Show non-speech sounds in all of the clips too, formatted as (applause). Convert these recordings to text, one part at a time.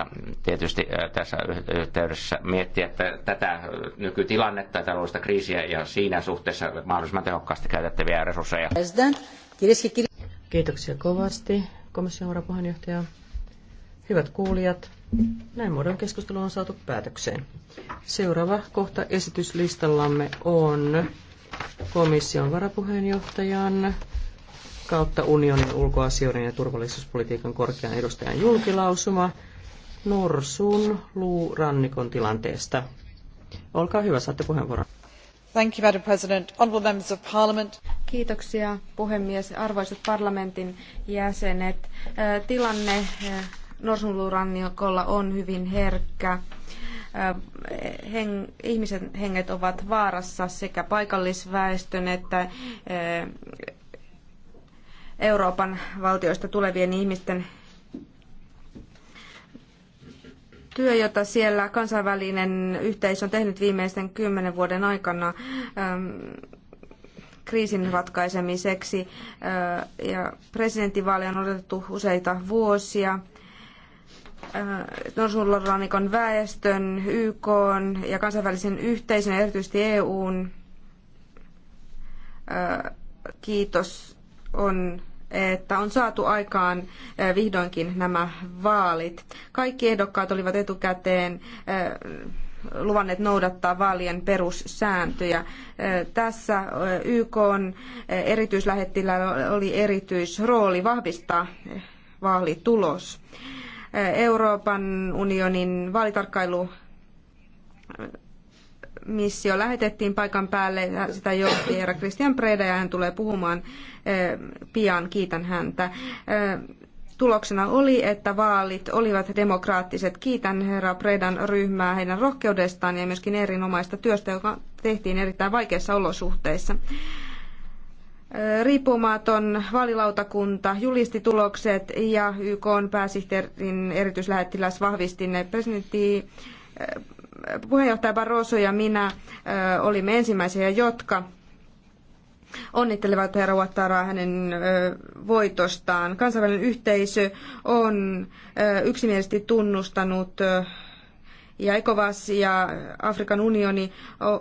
Mutta tietysti tässä yhteydessä miettiä että tätä nykytilannetta ja taloudellista kriisiä ja siinä suhteessa mahdollisimman tehokkaasti käytettäviä resursseja. Kiitoksia kovasti, komission varapuheenjohtaja. Hyvät kuulijat, näin muodon keskustelu on saatu päätökseen. Seuraava kohta esityslistallamme on komission varapuheenjohtajan kautta unionin ulkoasioiden ja turvallisuuspolitiikan korkean edustajan julkilausuma. Norsun luurannikon tilanteesta. Olkaa hyvä, saatte puheenvuoron. Thank you, Madam President. Honourable members of Parliament. Kiitoksia puhemies, arvoisat parlamentin jäsenet. Tilanne norsunluurannikolla on hyvin herkkä. Heng, ihmisen henget ovat vaarassa sekä paikallisväestön että Euroopan valtioista tulevien ihmisten työ, jota siellä kansainvälinen yhteisö on tehnyt viimeisten kymmenen vuoden aikana ähm, kriisin ratkaisemiseksi. Äh, ja presidentinvaaleja on odotettu useita vuosia. Äh, Norsullorannikon väestön, YK ja kansainvälisen yhteisön, erityisesti EUn äh, kiitos on että on saatu aikaan eh, vihdoinkin nämä vaalit. Kaikki ehdokkaat olivat etukäteen eh, luvanneet noudattaa vaalien perussääntöjä. Eh, tässä YK erityislähettilä oli erityisrooli vahvistaa vaalitulos. Euroopan unionin vaalitarkkailu missio lähetettiin paikan päälle. Sitä johti herra Christian Preda ja hän tulee puhumaan eh, pian. Kiitän häntä. Eh, tuloksena oli, että vaalit olivat demokraattiset. Kiitän herra Predan ryhmää heidän rohkeudestaan ja myöskin erinomaista työstä, joka tehtiin erittäin vaikeissa olosuhteissa. Eh, riippumaton vaalilautakunta julisti tulokset ja YK pääsihteerin erityislähettiläs vahvisti ne presidentti puheenjohtaja Barroso ja minä olimme ensimmäisiä, jotka onnittelevat herra Ouattaraa hänen voitostaan. Kansainvälinen yhteisö on yksimielisesti tunnustanut ja ECOWAS ja Afrikan unioni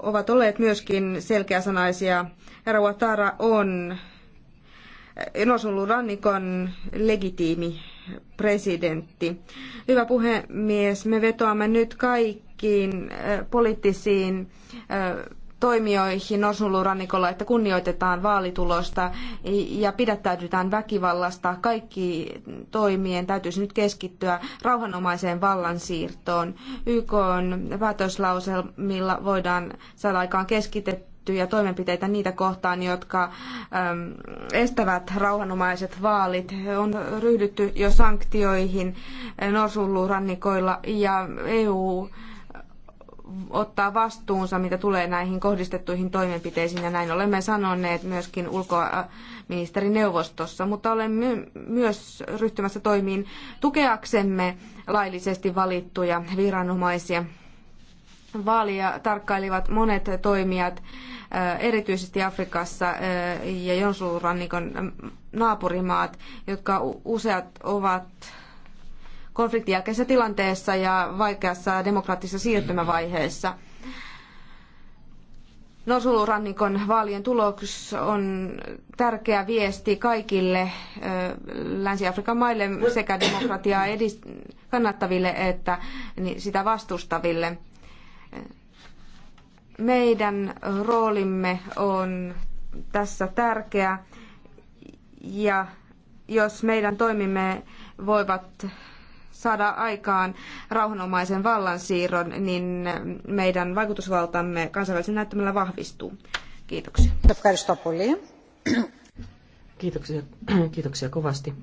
ovat olleet myöskin selkeäsanaisia. Herra Ouattara on rannikon legitiimi presidentti. Hyvä puhemies, me vetoamme nyt kaikki kaikkiin poliittisiin toimijoihin Norsunluurannikolla, että kunnioitetaan vaalitulosta ja pidättäydytään väkivallasta. Kaikki toimien täytyisi nyt keskittyä rauhanomaiseen vallansiirtoon. YK on päätöslauselmilla voidaan saada aikaan keskitettyjä toimenpiteitä niitä kohtaan, jotka estävät rauhanomaiset vaalit. On ryhdytty jo sanktioihin Norsunluurannikoilla ja EU ottaa vastuunsa, mitä tulee näihin kohdistettuihin toimenpiteisiin, ja näin olemme sanoneet myöskin ulkoministerineuvostossa, mutta olemme myös ryhtymässä toimiin tukeaksemme laillisesti valittuja viranomaisia. Vaalia tarkkailivat monet toimijat, äh, erityisesti Afrikassa äh, ja Jonsuurannikon äh, naapurimaat, jotka useat ovat konfliktin jälkeisessä tilanteessa ja vaikeassa demokraattisessa siirtymävaiheessa. Norsulurannikon vaalien tuloks on tärkeä viesti kaikille Länsi-Afrikan maille sekä demokratiaa edist- kannattaville että sitä vastustaville. Meidän roolimme on tässä tärkeä ja jos meidän toimimme voivat saada aikaan rauhanomaisen vallansiirron, niin meidän vaikutusvaltamme kansainvälisen näyttämällä vahvistuu. Kiitoksia. Kiitoksia, (clears throat) kiitoksia kovasti.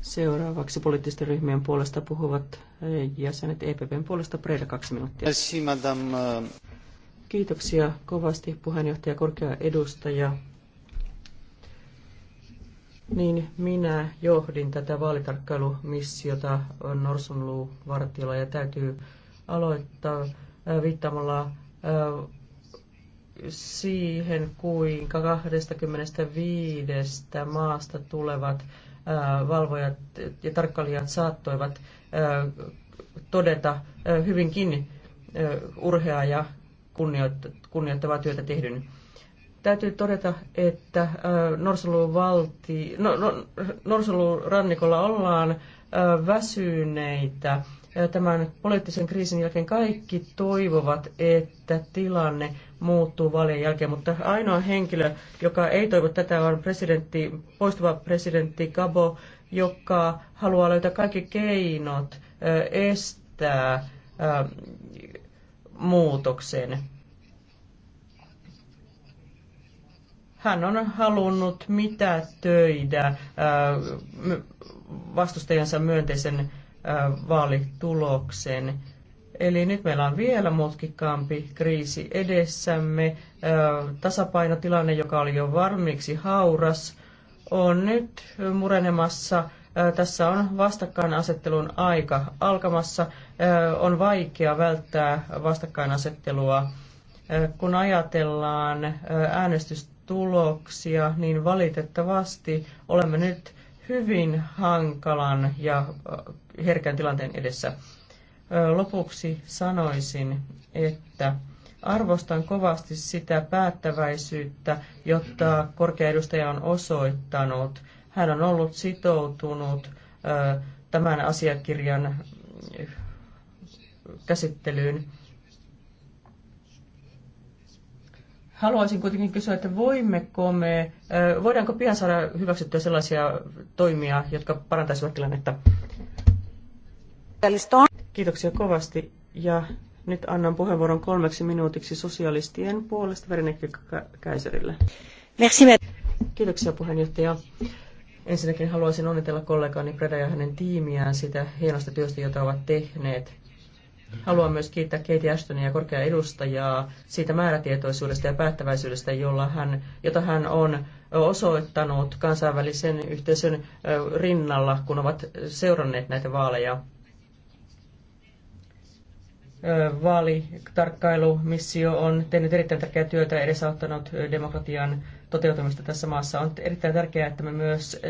Seuraavaksi poliittisten ryhmien puolesta puhuvat eh, jäsenet EPPn puolesta Preda kaksi minuuttia. Kiitoksia kovasti puheenjohtaja korkea edustaja niin minä johdin tätä vaalitarkkailumissiota Norsunluuvartiolla ja täytyy aloittaa äh, viittamalla äh, siihen, kuinka 25 maasta tulevat äh, valvojat ja tarkkailijat saattoivat todeta hyvinkin urheaa ja kunnioittavaa työtä tehdyn Täytyy todeta, että norsuluvallti, no, no, rannikolla ollaan väsyneitä. Tämän poliittisen kriisin jälkeen kaikki toivovat, että tilanne muuttuu vaalien jälkeen, mutta ainoa henkilö, joka ei toivo tätä, on presidentti, poistuva presidentti Gabo, joka haluaa löytää kaikki keinot estää muutoksen. hän on halunnut mitä töitä äh, vastustajansa myönteisen äh, vaalituloksen. Eli nyt meillä on vielä mutkikkaampi kriisi edessämme. Äh, tasapainotilanne, joka oli jo varmiksi hauras, on nyt murenemassa. Tässä on vastakkainasettelun aika alkamassa. On vaikea välttää vastakkainasettelua. Kun ajatellaan äänestystä, tuloksia, niin valitettavasti olemme nyt hyvin hankalan ja herkän tilanteen edessä. Lopuksi sanoisin, että arvostan kovasti sitä päättäväisyyttä, jota korkea edustaja on osoittanut. Hän on ollut sitoutunut tämän asiakirjan käsittelyyn. Haluaisin kuitenkin kysyä, että voimmeko me, voidaanko pian saada hyväksyttyä sellaisia toimia, jotka parantaisivat tilannetta? Kiitoksia kovasti ja nyt annan puheenvuoron kolmeksi minuutiksi sosialistien puolesta Verenekki Käiserille. Kiitoksia puheenjohtaja. Ensinnäkin haluaisin onnitella kollegaani Preda ja hänen tiimiään sitä hienosta työstä, jota ovat tehneet Haluan myös kiittää Katie Ashtonia ja korkea edustajaa siitä määrätietoisuudesta ja päättäväisyydestä, jolla hän, jota hän on osoittanut kansainvälisen yhteisön rinnalla, kun ovat seuranneet näitä vaaleja. Vaalitarkkailumissio on tehnyt erittäin tärkeää työtä ja edesauttanut demokratian toteutumista tässä maassa. On erittäin tärkeää, että me myös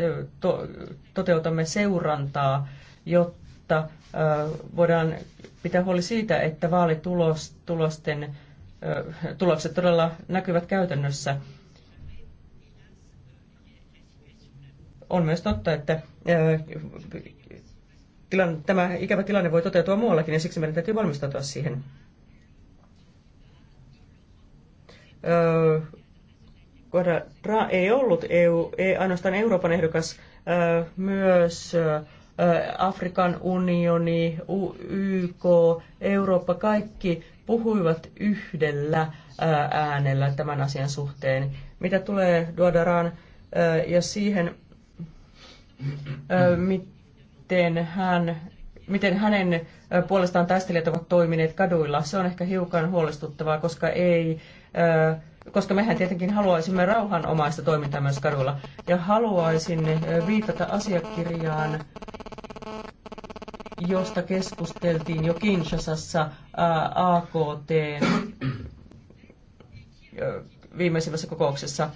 toteutamme seurantaa, jotta mutta voidaan pitää huoli siitä, että vaalitulosten tulokset todella näkyvät käytännössä. On myös totta, että tilanne, tämä ikävä tilanne voi toteutua muuallakin ja siksi meidän täytyy valmistautua siihen. Ra ei ollut EU, ei ainoastaan Euroopan ehdokas, myös Afrikan unioni, YK, Eurooppa, kaikki puhuivat yhdellä äänellä tämän asian suhteen. Mitä tulee Duodaraan ja siihen, miten, hän, miten hänen puolestaan taistelijat ovat toimineet kaduilla, se on ehkä hiukan huolestuttavaa, koska ei koska mehän tietenkin haluaisimme rauhanomaista toimintaa myös kadulla. Ja haluaisin viitata asiakirjaan, josta keskusteltiin jo Kinshasassa AKT viimeisimmässä kokouksessa.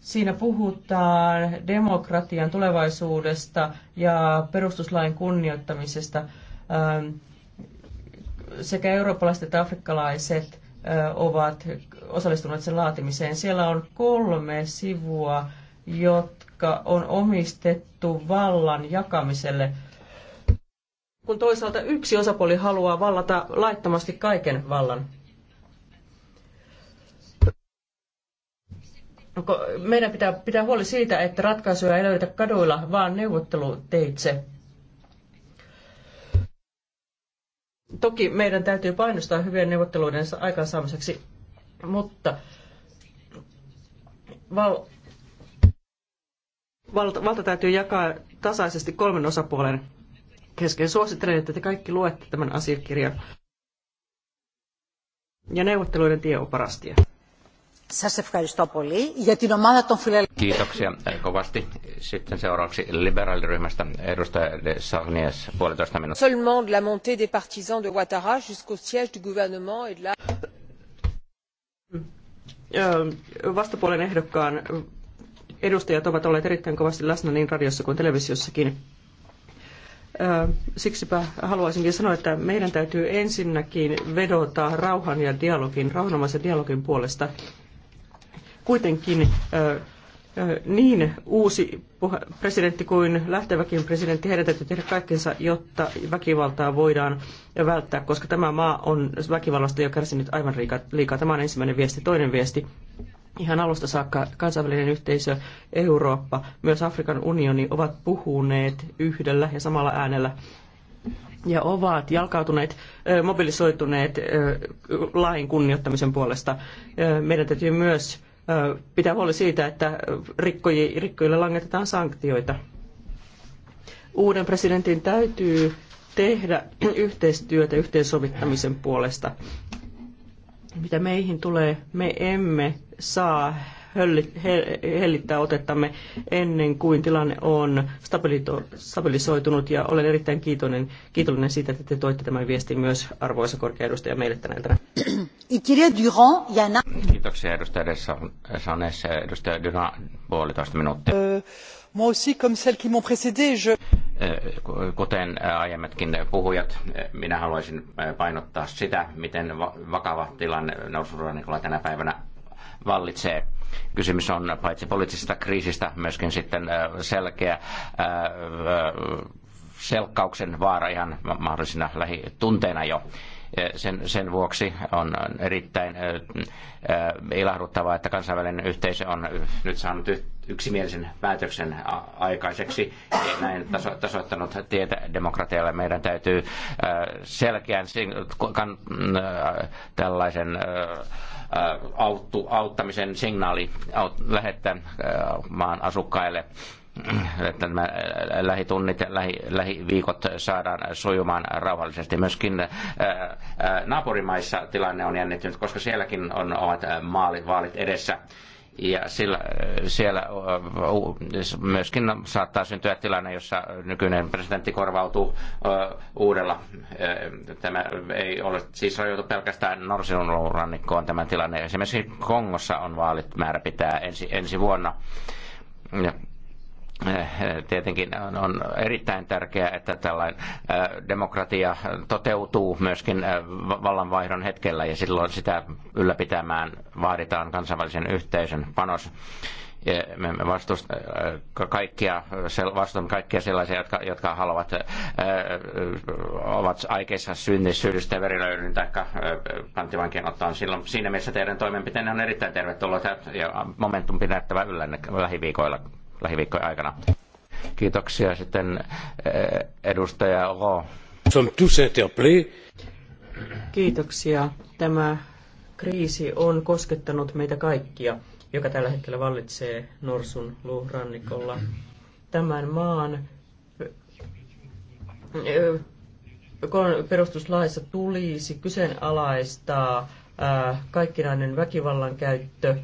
Siinä puhutaan demokratian tulevaisuudesta ja perustuslain kunnioittamisesta. Ähm, sekä eurooppalaiset että afrikkalaiset ovat osallistuneet sen laatimiseen. Siellä on kolme sivua, jotka on omistettu vallan jakamiselle – kun toisaalta yksi osapuoli haluaa vallata laittomasti kaiken vallan. Meidän pitää pitää huoli siitä, että ratkaisuja ei löydetä kaduilla, vaan neuvotteluteitse. Toki meidän täytyy painostaa hyvien neuvotteluiden aikaansaamiseksi, mutta val, valta, valta täytyy jakaa tasaisesti kolmen osapuolen kesken. Suosittelen, että te kaikki luette tämän asiakirjan. Ja neuvotteluiden tie on paras tie. Kiitoksia kovasti. Sitten seuraavaksi liberaaliryhmästä edustaja de Sarnies, puolitoista minuuttia. Seulement de la montée des partisans de Ouattara jusqu'au siège du gouvernement et de la... Vastapuolen ehdokkaan edustajat ovat olleet erittäin kovasti läsnä niin radiossa kuin televisiossakin. Siksipä haluaisinkin sanoa, että meidän täytyy ensinnäkin vedota rauhan ja dialogin, rauhanomaisen dialogin puolesta. Kuitenkin niin uusi presidentti kuin lähteväkin presidentti, heidän täytyy tehdä kaikkensa, jotta väkivaltaa voidaan välttää, koska tämä maa on väkivallasta jo kärsinyt aivan liikaa. Tämä on ensimmäinen viesti. Toinen viesti ihan alusta saakka kansainvälinen yhteisö, Eurooppa, myös Afrikan unioni ovat puhuneet yhdellä ja samalla äänellä ja ovat jalkautuneet, mobilisoituneet lain kunnioittamisen puolesta. Meidän täytyy myös pitää huoli siitä, että rikkojille langetetaan sanktioita. Uuden presidentin täytyy tehdä (clears throat) yhteistyötä yhteensovittamisen puolesta. Mitä meihin tulee, me emme saa hellittää otettamme ennen kuin tilanne on stabilisoitunut ja olen erittäin kiitollinen, kiitollinen siitä, että te toitte tämän viestin myös arvoisa korkea edustaja meille tänä iltana. (clears throat) Kiitoksia edustaja Dessa. Sanes, edustaja Dyna, puolitoista minuuttia. Euh, moi aussi, comme celles qui m'ont précédé, je... Eh, kuten eh, aiemmatkin puhujat, eh, minä haluaisin painottaa sitä, miten vakava tilanne noususuunnitelmalla tänä päivänä vallitsee. Kysymys on paitsi poliittisesta kriisistä myöskin sitten selkeä selkkauksen vaara ihan mahdollisina lähitunteina jo sen, sen vuoksi on erittäin ilahduttavaa, että kansainvälinen yhteisö on nyt saanut yksimielisen päätöksen aikaiseksi ja näin taso, tasoittanut tietä demokratialle. Meidän täytyy selkeän tällaisen Äh, auttu, auttamisen signaali lähettää äh, maan asukkaille (clears throat) että nämä äh, lähitunnit ja lähi, lähiviikot saadaan sujumaan rauhallisesti. Myöskin ää, naapurimaissa tilanne on jännittynyt, koska sielläkin on, ovat maali, vaalit edessä ja sillä, siellä myöskin saattaa syntyä tilanne, jossa nykyinen presidentti korvautuu uudella. Tämä ei ole siis rajoitu pelkästään Norsinurannikkoon tämä tilanne. Esimerkiksi Kongossa on vaalit määrä pitää ensi, ensi vuonna tietenkin on erittäin tärkeää, että tällainen demokratia toteutuu myöskin vallanvaihdon hetkellä ja silloin sitä ylläpitämään vaaditaan kansainvälisen yhteisön panos. Me kaikkia, vastustamme kaikkia sellaisia, jotka, jotka haluavat, ovat aikeissa syyllistyä verilöydyn tai panttivankien ottaa. Silloin, siinä mielessä teidän toimenpiteenne on erittäin tervetullut ja momentum pidettävä yllä lähiviikoilla lähiviikkojen aikana. Kiitoksia sitten eh, edustaja Olo. Kiitoksia. Tämä kriisi on koskettanut meitä kaikkia, joka tällä hetkellä vallitsee Norsun luurannikolla. Tämän maan eh, perustuslaissa tulisi kyseenalaistaa eh, kaikkinainen väkivallan käyttö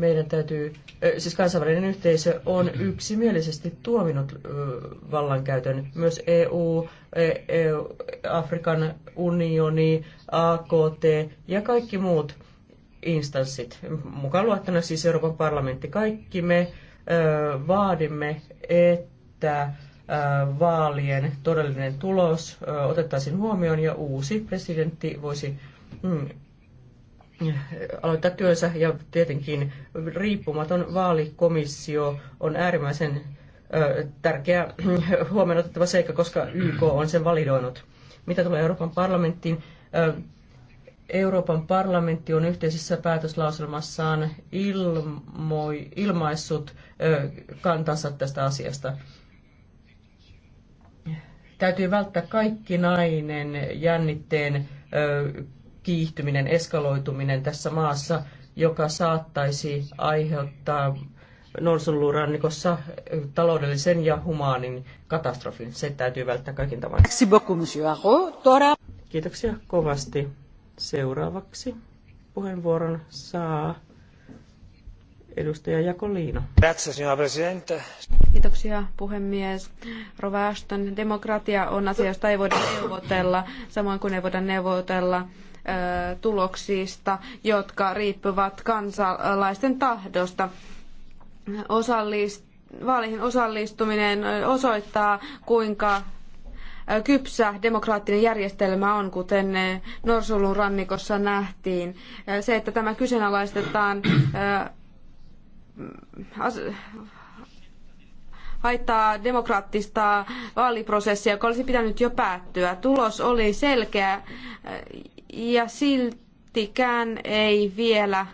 meidän täytyy, siis kansainvälinen yhteisö on mm-hmm. yksimielisesti tuominut vallankäytön. Myös EU, e, e Afrikan unioni, AKT ja kaikki muut instanssit, mukaan luettuna siis Euroopan parlamentti, kaikki me vaadimme, että vaalien todellinen tulos otettaisiin huomioon ja uusi presidentti voisi mm, aloittaa työnsä ja tietenkin riippumaton vaalikomissio on äärimmäisen tärkeä (clears throat) huomioon otettava seikka, koska YK on sen validoinut. Mitä tulee Euroopan parlamenttiin? Euroopan parlamentti on yhteisessä päätöslauselmassaan ilmoi, ilmaissut kantansa tästä asiasta. Täytyy välttää kaikki nainen jännitteen kiihtyminen, eskaloituminen tässä maassa, joka saattaisi aiheuttaa Norsunluurannikossa eh, taloudellisen ja humaanin katastrofin. Se täytyy välttää kaikin tavoin. Kiitoksia kovasti. Seuraavaksi puheenvuoron saa Edustaja Jakoliino. Kiitoksia puhemies. Rova Ashton, demokratia on asia, josta ei voida neuvotella, samoin kuin ei voida neuvotella tuloksista, jotka riippuvat kansalaisten tahdosta. Osallist, vaaleihin osallistuminen osoittaa, kuinka kypsä demokraattinen järjestelmä on, kuten Norsulun rannikossa nähtiin. Se, että tämä kyseenalaistetaan haittaa demokraattista vaaliprosessia, joka olisi pitänyt jo päättyä. Tulos oli selkeä ja siltikään ei vielä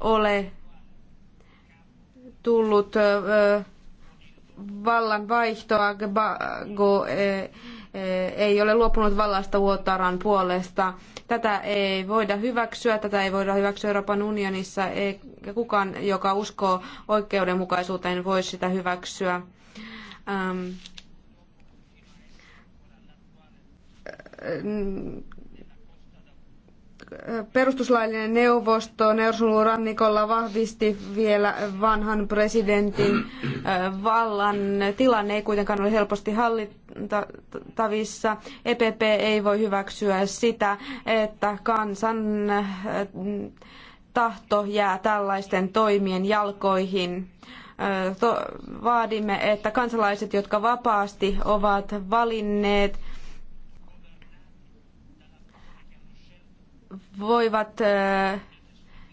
ole tullut vallan vaihtoa. Gbagbo eh, eh, ei ole luopunut vallasta Uotaran puolesta. Tätä ei voida hyväksyä, tätä ei voida hyväksyä Euroopan unionissa, eikä kukaan, joka uskoo oikeudenmukaisuuteen, voi sitä hyväksyä. Ähm, perustuslaillinen neuvosto Nersulun rannikolla vahvisti vielä vanhan presidentin vallan. Tilanne ei kuitenkaan ole helposti hallittavissa. EPP ei voi hyväksyä sitä, että kansan tahto jää tällaisten toimien jalkoihin vaadimme, että kansalaiset, jotka vapaasti ovat valinneet voivat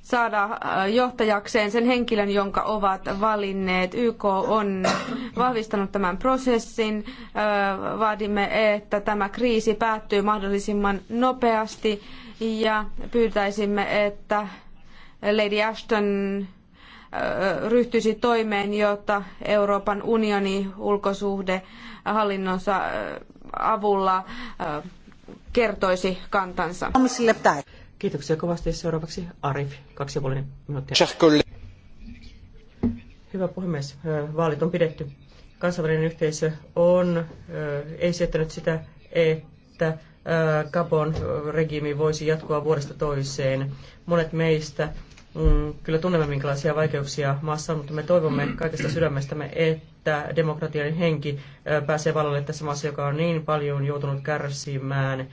saada johtajakseen sen henkilön, jonka ovat valinneet. YK on vahvistanut tämän prosessin. Vaadimme, että tämä kriisi päättyy mahdollisimman nopeasti ja pyytäisimme, että Lady Ashton ryhtyisi toimeen, jotta Euroopan unioni ulkosuhde hallinnonsa avulla kertoisi kantansa. Kiitoksia kovasti. Seuraavaksi Arif, kaksi ja puoli minuuttia. Hyvä puhemies, vaalit on pidetty. Kansainvälinen yhteisö on esittänyt sitä, että Gabon regiimi voisi jatkua vuodesta toiseen. Monet meistä mm, kyllä tunnemme minkälaisia vaikeuksia maassa on, mutta me toivomme kaikesta sydämestämme, että demokratian henki pääsee vallalle tässä maassa, joka on niin paljon joutunut kärsimään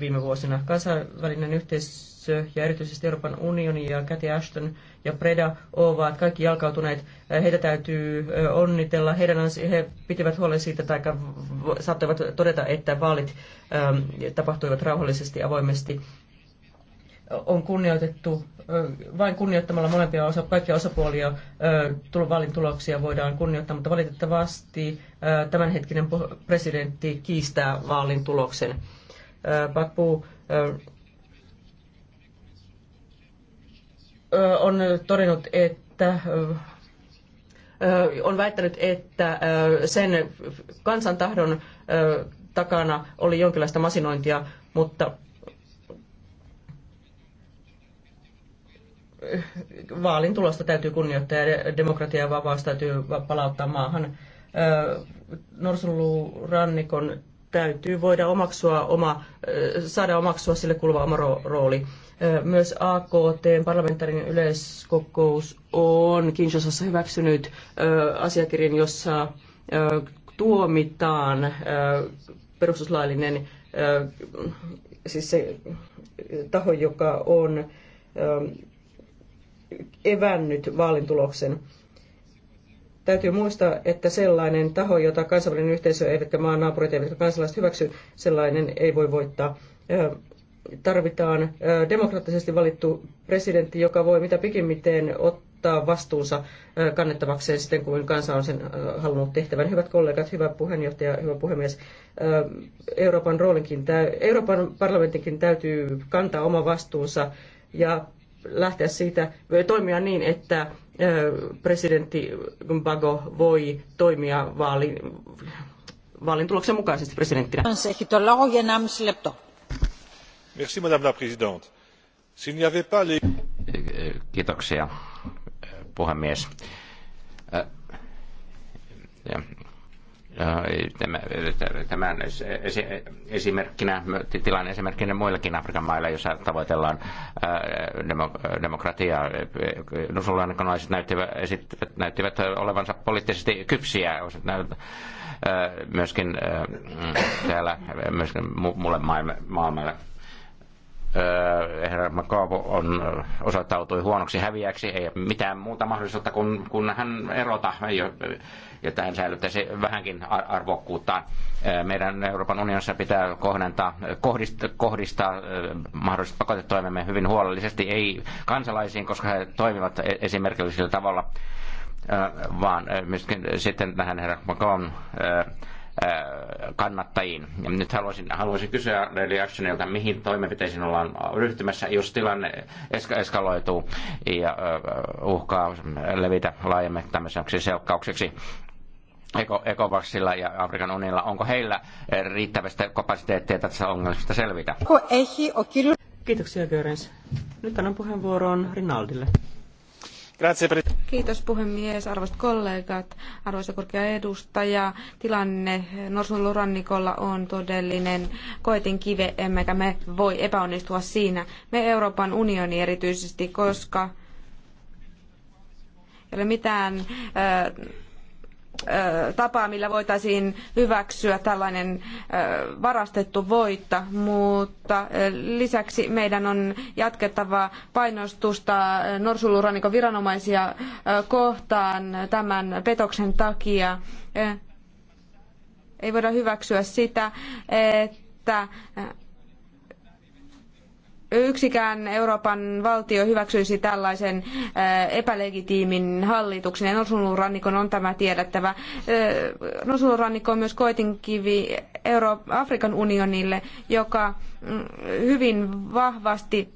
viime vuosina. Kansainvälinen yhteisö ja erityisesti Euroopan unioni ja Cathy Ashton ja Preda ovat kaikki jalkautuneet. Heitä täytyy onnitella. Heidän he pitivät huolen siitä, tai saattoivat todeta, että vaalit tapahtuivat rauhallisesti, avoimesti on kunnioitettu, vain kunnioittamalla molempia osa, kaikkia osapuolia vaalin tuloksia voidaan kunnioittaa, mutta valitettavasti tämänhetkinen presidentti kiistää vaalin tuloksen. Baku on todennut, että on väittänyt, että sen kansan tahdon takana oli jonkinlaista masinointia, mutta vaalin tulosta täytyy kunnioittaa ja demokratia ja vapaus täytyy palauttaa maahan. Norsunluurannikon täytyy voida omaksua oma, saada omaksua sille kuuluva oma rooli. Myös AKT, parlamentaarinen yleiskokous, on Kinshasassa hyväksynyt asiakirjan, jossa tuomitaan perustuslaillinen siis se taho, joka on evännyt vaalintuloksen. Täytyy muistaa, että sellainen taho, jota kansainvälinen yhteisö, eivätkä maan naapurit, eivätkä kansalaiset hyväksy, sellainen ei voi voittaa. Tarvitaan demokraattisesti valittu presidentti, joka voi mitä pikimmiten ottaa vastuunsa kannettavakseen sitten, kuin kansa on sen halunnut tehtävän. Hyvät kollegat, hyvä puheenjohtaja, hyvä puhemies. Euroopan, roolinkin, Euroopan parlamentinkin täytyy kantaa oma vastuunsa ja lähteä siitä, toimia niin, että presidentti Bago voi toimia vaalin, vaalin tuloksen mukaisesti presidenttinä. Merci, madame la présidente. n'y avait pas les... Kiitoksia, puhemies. Ja tämän esimerkkinä, tilanne esimerkkinä muillakin Afrikan mailla, jossa tavoitellaan demokratiaa. Nusulankonaiset näyttivät, näyttivät olevansa poliittisesti kypsiä myöskin täällä myöskin mulle maailmalle herra Makaavo on osoittautui huonoksi häviäksi, ei mitään muuta mahdollisuutta kuin kun hän erota, jotta hän säilyttäisi vähänkin arvokkuutta. Meidän Euroopan unionissa pitää kohdentaa, kohdistaa, kohdistaa mahdolliset pakotetoimemme hyvin huolellisesti, ei kansalaisiin, koska he toimivat e-, esimerkillisellä tavalla, vaan myöskin sitten tähän herra Makaon kannattajiin. Ja nyt haluaisin, haluaisin kysyä Daily Actionilta, mihin toimenpiteisiin ollaan ryhtymässä, jos tilanne eska- eskaloituu ja uhkaa levitä laajemmin tämmöiseksi selkkaukseksi. Eko, Ekovaksilla ja Afrikan unionilla, onko heillä riittävästi kapasiteettia tässä ongelmasta selvitä? Kiitoksia, Görens. Nyt annan puheenvuoron Rinaldille. Kiitos puhemies, arvoisat kollegat, arvoisa korkea edustaja. Tilanne Norsunlurannikolla on todellinen koetin kive, emmekä me voi epäonnistua siinä. Me Euroopan unioni erityisesti, koska ei ole mitään äh, tapaa, millä voitaisiin hyväksyä tällainen varastettu voitto, mutta lisäksi meidän on jatkettava painostusta norsulurannikon viranomaisia kohtaan tämän petoksen takia. Ei voida hyväksyä sitä, että yksikään Euroopan valtio hyväksyisi tällaisen äh, epälegitiimin hallituksen. Norsunluurannikon on tämä tiedettävä. Äh, Norsunluurannikko on myös koitinkivi Euro- Afrikan unionille, joka mm, hyvin vahvasti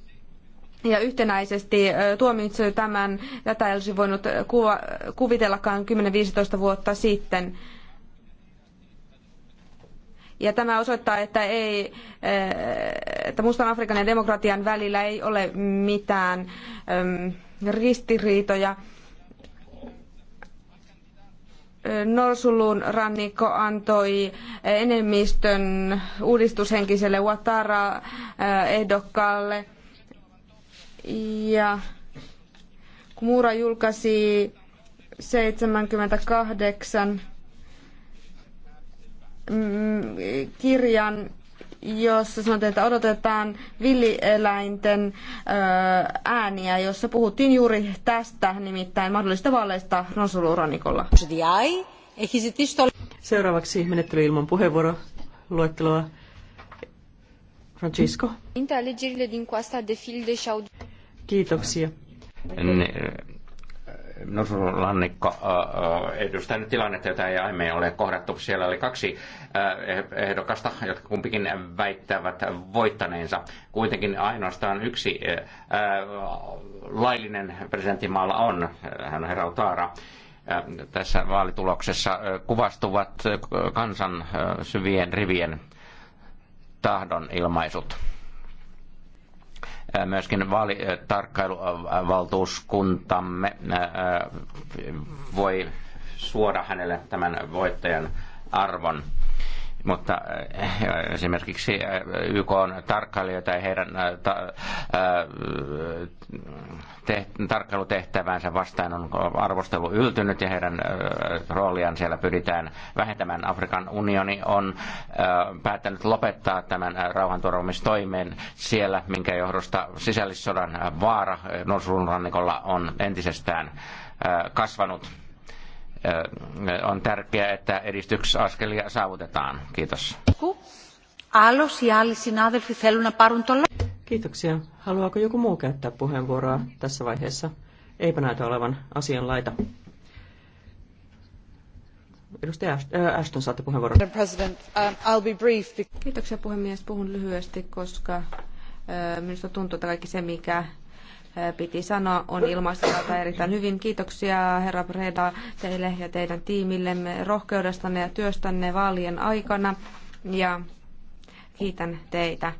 ja yhtenäisesti äh, tuomitsi tämän. Tätä ei olisi voinut kuvitellakaan 10-15 vuotta sitten. Ja tämä osoittaa, että, ei, eh, että Mustan Afrikan ja demokratian välillä ei ole mitään ristiriitoja. Norsulun rannikko antoi enemmistön uudistushenkiselle Ouattara-ehdokkaalle. Ja Kumura julkaisi 78 Mm, kirjan, jossa sanotaan, että odotetaan villieläinten ääniä, jossa puhuttiin juuri tästä, nimittäin mahdollisista vaaleista Ronsulurannikolla. Seuraavaksi menettely ilman luetteloa. Francisco. Kiitoksia. Norsulannikko edustaa nyt tilannetta, jota ei aiemmin ole kohdattu. Siellä oli kaksi ehdokasta, jotka kumpikin väittävät voittaneensa. Kuitenkin ainoastaan yksi laillinen presidenttimaalla on, hän on herra Utaara Tässä vaalituloksessa kuvastuvat kansan syvien rivien tahdon ilmaisut myöskin vaalitarkkailuvaltuuskuntamme voi suoda hänelle tämän voittajan arvon mutta äh, esimerkiksi äh, YK on tarkkailijoita ja heidän äh, tarkkailutehtävänsä vastaan on arvostelu yltynyt ja heidän rooliaan siellä pyritään vähentämään. Afrikan unioni on päättänyt lopettaa tämän rauhanturvamistoimeen siellä, minkä johdosta sisällissodan vaara Norsulun rannikolla on entisestään kasvanut on tärkeää, että edistysaskelia saavutetaan. Kiitos. Άλλος ή άλλοι συνάδελφοι θέλουν να πάρουν Kiitoksia. Haluaako joku muu käyttää puheenvuoroa tässä vaiheessa? Eipä näytä olevan asian laita. Edustaja Ashton, saatte puheenvuoron. Um, Kiitoksia puhemies. Puhun lyhyesti, koska minusta tuntuu, että kaikki se, mikä piti sanoa, on ilmaista tätä erittäin hyvin. Kiitoksia herra Breda teille ja teidän tiimillemme rohkeudestanne ja työstänne vaalien aikana. Ja kiitän teitä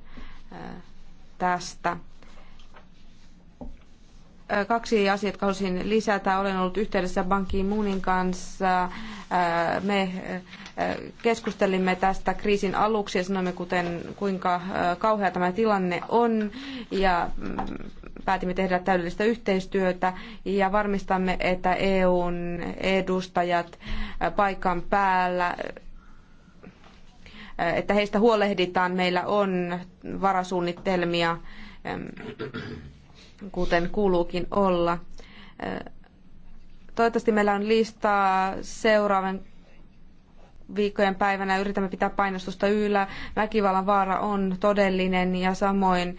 tästä kaksi asiaa, jotka haluaisin lisätä. Olen ollut yhteydessä Banki Moonin kanssa. Me keskustelimme tästä kriisin aluksi ja sanoimme, kuten, kuinka kauhea tämä tilanne on. Ja mm, päätimme tehdä täydellistä yhteistyötä ja varmistamme, että EUn edustajat paikan päällä että heistä huolehditaan. Meillä on varasuunnitelmia, kuten kuuluukin olla. Toivottavasti meillä on listaa seuraavan viikkojen päivänä yritämme pitää painostusta yllä. Väkivallan vaara on todellinen ja samoin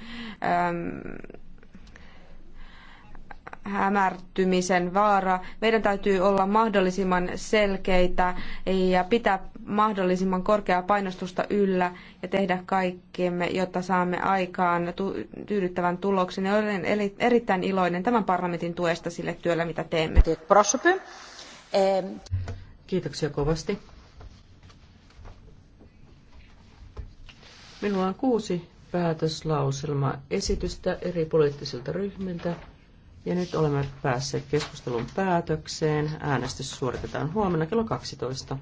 hämärtymisen vaara. Meidän täytyy olla mahdollisimman selkeitä ja pitää mahdollisimman korkeaa painostusta yllä ja tehdä kaikkemme, jotta saamme aikaan tyydyttävän tuloksen. Ja olen erittäin iloinen tämän parlamentin tuesta sille työlle, mitä teemme. Kiitoksia kovasti. Minulla on kuusi päätöslauselma esitystä eri poliittisilta ryhmiltä. Ja nyt olemme päässeet keskustelun päätökseen. Äänestys suoritetaan huomenna kello 12.